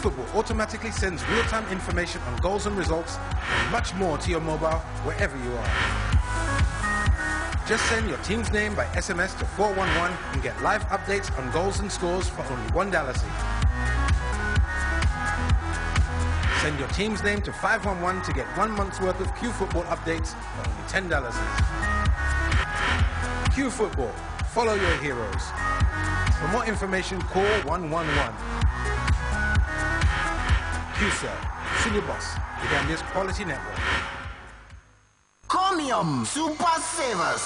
Football automatically sends real-time information on goals and results and much more to your mobile wherever you are. Just send your team's name by SMS to 411 and get live updates on goals and scores for only one Dalasy. Send your team's name to 511 to get one month's worth of Q Football updates for only 10 dollars. Q Football. Follow your heroes. For more information, call 111 producer, Senior the Gambia's Quality Network. Comium Super Savers.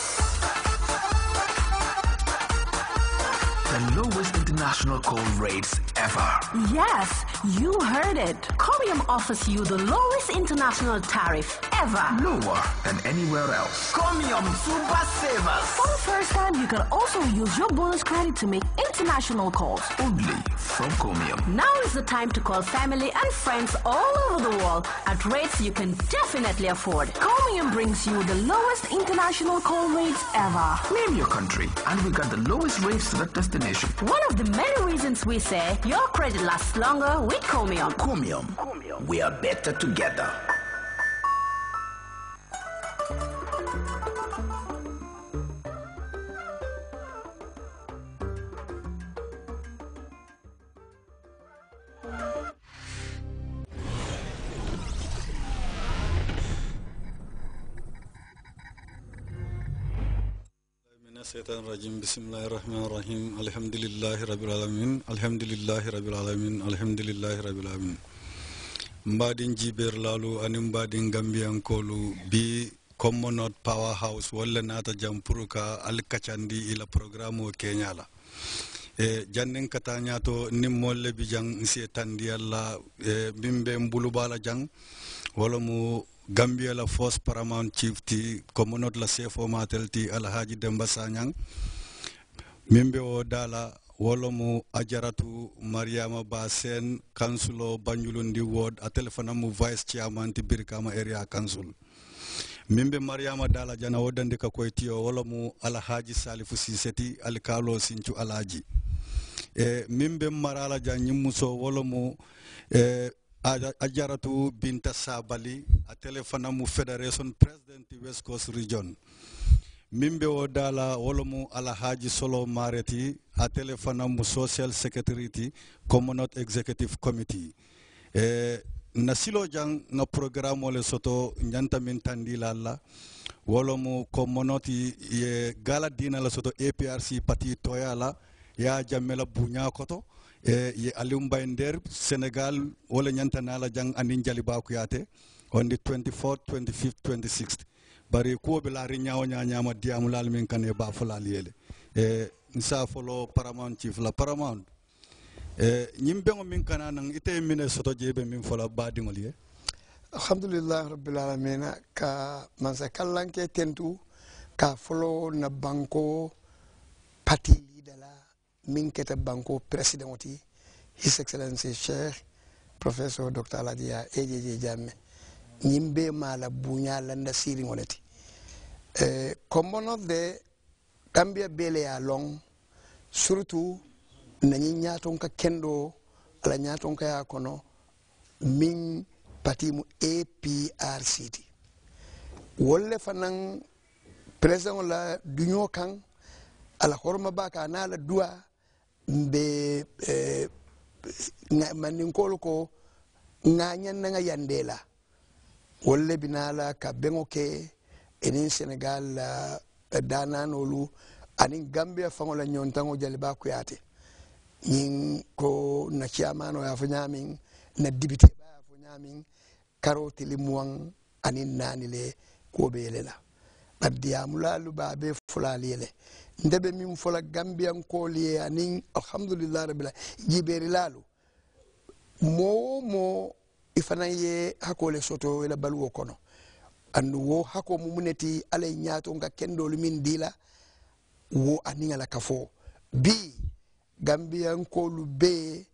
The lowest international call rates ever. Yes, you heard it. Corium offers you the lowest international tariff ever. Lower than anywhere else. Corium Super Savers. For the first time, you can also use your bonus credit to make international calls. Only from Corium. Now is the time to call family and friends all over the world at rates you can definitely afford. Comium brings you the lowest international call rates ever. Name your country and we got the lowest rates to that destination. One of the many reasons we say your credit lasts longer with Comium. Comium. We are better together. الشيطان الرجيم بسم الله الرحمن الرحيم الحمد لله رب العالمين الحمد لله رب العالمين الحمد لله رب العالمين mbaɗin jiɓerlalu anin mbaɗin gambiyankolu bi commonot power house walla nata jam pour ka alkacandi ila programme o keñala e janden kata bi jang si tandiyalla e min ɓe mbulubala jang wala gambia la paramount chief ti komonot la sefo matel ti alhaji demba sanyang mimbe o dala wolomu ajaratu mariama ba sen kansulo banjulundi ward a telefona mu vice chairman ti birkama area council mimbe mariama dala jana wo dandi ka koy tiyo wolomu alhaji salifu siseti alkalo sincu alaji e mimbe marala ja nyimmuso wolomu e ajaratu binta sabali atele fana mu federation president west coast region mimbe o dala wolomu alhaji solo mareti atele fana mu social security commonwealth executive committee e jang nga programme le soto nyanta min tandila la wolomu commonwealth ye gala dina la soto aprc pati toyala ya jamela bunya koto Eh, ye alium bay nder senegal wala nyanta nala jang anin jali ba kuyate on the 24th 25th 26th bari ko be laari nyaaw nyaa nyaama diamu laal min kan e ba fulal yele e eh, nsa folo paramount chief la paramount e eh, nyimbe ngo min kana nan ite mine soto jebe min fola ba ye alhamdulillah rabbil alamin ka mansa kallanke tentu ka folo na banko pati min keta banko président oti his excellency cheikh professeur docteur aladiya ejeje jamme ñim be mala buña landa siriŋole ti eh, kombono de gambia bele ya long surtout nañi ñaton ka kendo ala ñaton ka ya kono min patimu aprc ti wolle fanan président la duño kan ala horma baka na la duwa mbe eh, mandinkolu ko ŋa ɲannaŋa yande la wolu le naa la ka beŋo ke aniŋ senegal la eh, dananolu aniŋ gambia faŋo la ɲontaŋo jaliba kuyate ñiŋ ko na ciyamano ye a fo ñamiŋ na dibiteba ye a fo ñaamiŋ karo tili muwaŋ aniŋ naani le kuo be yele la addiyamulalu be fulali le ndebe ɓe min fola gambiyankoli liye anin alhamdulillah rabila jiberilalu mo wo mo i fana ye hakkole soto ila baluwo kono andu wo hakko mumuneti ala nyato ñaato nga kendolu min dila wo aniŋala ka kafo bi gambiyankolu bee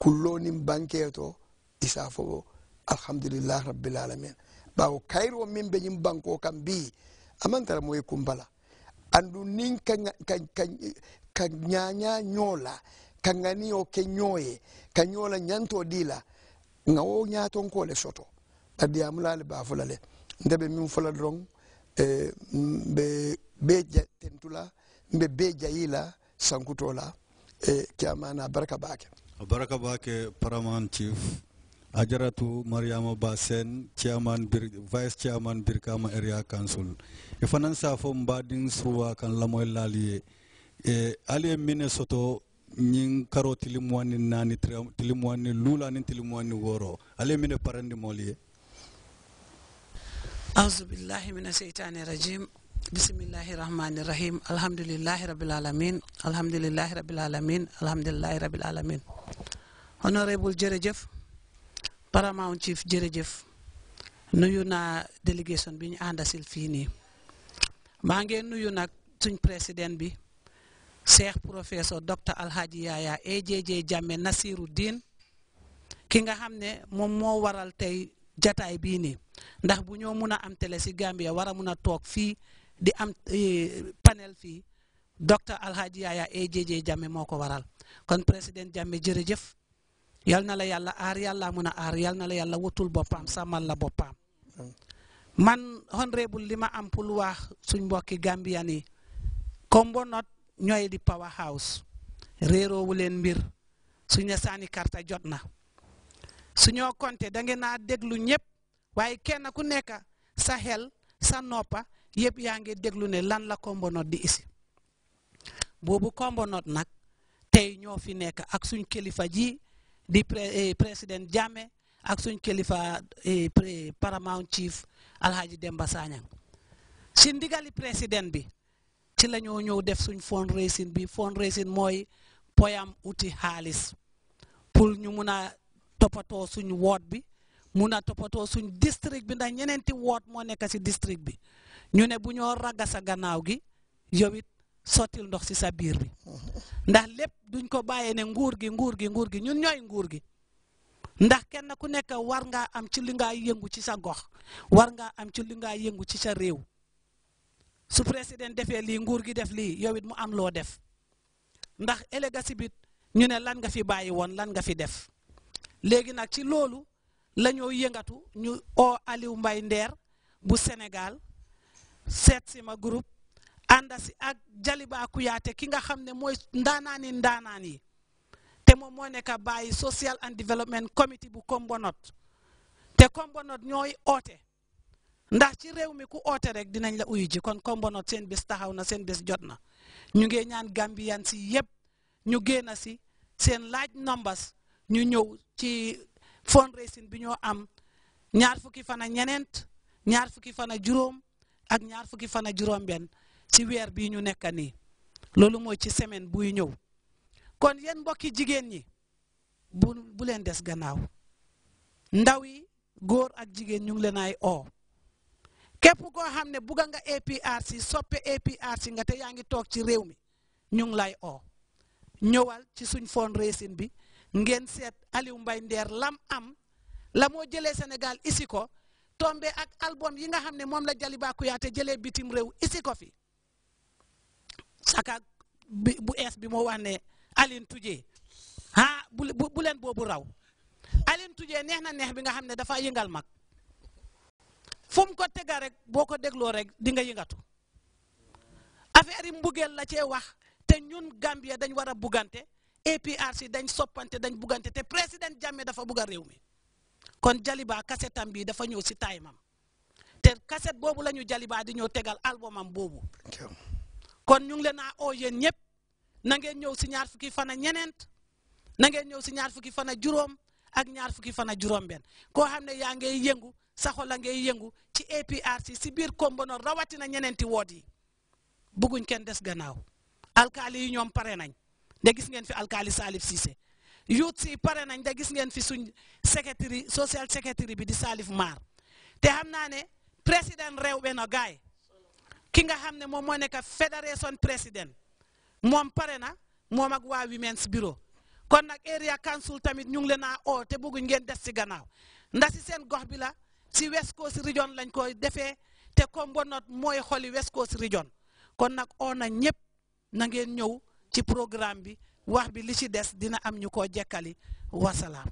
kullonin banke to isa fo alhamdulillah rabbil alamin bawo kayiro min be ñin banko kam bi amantara moye kumbala andu nin ka, ka, ka, ka ɲaɲa ɲo la ka ŋaniyo ke ɲo ka ɲo la ɲanto di la ŋa wo ɲaton ko le soto bari yamula le b'a fola le nte be min fula dɔrɔn eh, be be tentula mbe be jayi la sankuto la eh, baraka bake baraka b'a paramount chief Ajaratu Mariama Basen, Chairman Bir Vice Chairman Birkama Area Council. Ifanan e sa fo mbadin suwa kan lamoy laliye. E ali Minnesota nyin karo tilimwani nani tilimwani lula tilimwani woro. Ali mine parandi moliye. أعوذ بالله من الشيطان الرجيم بسم الله الرحمن الرحيم الحمد لله رب العالمين الحمد paramount chief jerejef nuyu naa delegation bi ñu àndasil fii nii maa ngi nuyu nag suñ président bi cheikh professeur docteur alhaji yaaya AJJ Jammeh Nasiru Diin ki nga xam ne moom waral tey jataay bii nii ndax bu ñoo am télé si Gambia wara a mun fi di am eh, panel fi docteur alhaji yaaya AJJ Jammeh Moko waral kon President Jammeh jerejef yal na la yalla ar yalla mun a yal na la yalla wutul bopam samal la bopam hmm. man honorable lima am pour wax suñ mbokki Gambian yi Kombo North di power house wu len mbir suñu sani konte jotna na konté da ngeena Sahel ñep waye kenn ku nekk sa hel sa nopa yëpp yaa ngi ne lan la combo North di isi bobu combo North nak tay ñoo fi ak suñ kelifa ji di eh, président Jammeh ak suñ kilifa eh, paramount chief Alhaji Demba Sanyang si ndigali président bi ci la ñoo ñëw def suñ fundraising bi fundraising mooy poyam uti xaalis pour ñu mun a toppatoo suñ woot bi mun a toppatoo suñ district bi ndax ñeneenti woot moo nekk si district bi ñu ne bu ñoo raga sa gannaaw gi yow sottil ndox si sa biir bi ndax lépp duñ ko bàyyee ne nguur gi nguur gi nguur gi ñun ñooy nguur gi ndax kenn ku nekk war ngaa am ci li ngaa yëngu ci sa gox war ngaa am ci li ngaa yëngu ci sa réew su président defee lii nguur gi def lii yow it mu am loo def ndax élégasi bi ñu ne lan nga fi bàyyi woon lan nga fi def léegi nag ci loolu la ñoo yëngatu ñu oo Aliou Mbaye Nder bu Sénégal seet si ma groupe ànda si ak Jaliba yaate ki nga xam ne mooy ndaanaani ndaanaan yi te moom moo nekk bàyyi social and development committee bu Kombonot te Kombonot ñooy oote ndax ci réew mi ku oote rek dinañ la uyu ji kon Kombonot seen bés taxaw na seen bés jot na ñu ngi ñaan Gambian si yëpp ñu génn si seen laaj numbers ñu ñëw ci fundraising bi ñoo am ñaar fukki fan a ñeneent ñaar fukki fan juróom ak ñaar fukki fana a juróom-benn ci weer bii ñu nekk nii loolu mooy ci semaine buy ñëw kon yéen mbokki jigéen ñi bu bu leen des gannaaw ndaw yi góor ak jigéen ñu ngi leen ay oo képp koo xam ne bugga nga APRC soppe si nga te yaa ngi toog ci réew mi ñu ngi lay oo ñëwal ci suñ fundraising bi ngeen seet Aliou Mbaye Nder lam am la moo jëlee senegal isi ko tombe ak album yi nga xam ne moom la Jaliba Kuyateh jëlee bitim réew isi ko fi ak bu ees bi moo wax ne Aline Toujé ah bu bu boobu raw Aline Toujé neex na neex bi nga xam ne dafa yëngal mag fu ko tegal rek boo ko dégloo rek di nga yëngatu affaire yi mbugeel la cee wax te ñun Gambia dañ war a bugante APRC dañ soppante dañ bugante te président Jammeh dafa bugg a réew mi kon Jaliba kasetam bi dafa ñëw si taymam te kaset boobu lañu ñu Jaliba di ñëw tegal albumam boobu. kon ñu ngi leen a oo yéen ñëpp na ngeen ñëw si ñaar fukki fan ak ñeneent na ngeen ñëw si ñaar fukki fan ak juróom ak ñaar fukki fan ak juróom-benn koo xam ne yaa ngay yëngu sa xol la ngay yëngu ci APRC si biir Kombonoor rawatina ñeneenti woot yi bëgguñ kenn des gannaaw alkaali yi ñoom pare nañ da gis ngeen fi alkaali Salif Cissé youth si pare nañ da gis ngeen fi suñ secrétaire social secrétaire bi di Salif Maar te xam naa ne président réew benn gaay ki nga xam ne moom moo nekk fédération président moom pare na moom ak waa women's bureau kon nag area council tamit ñu ngi leen a oo te bëgguñ ngeen des ci gannaaw ndax si seen gox bi la si West Coast Region lañ koy defee te Kombo North mooy xoli West Coast Region kon nag o na ñëpp na ngeen ñëw ci programme bi wax bi li ci des dina am ñu ko jekkali wasalaam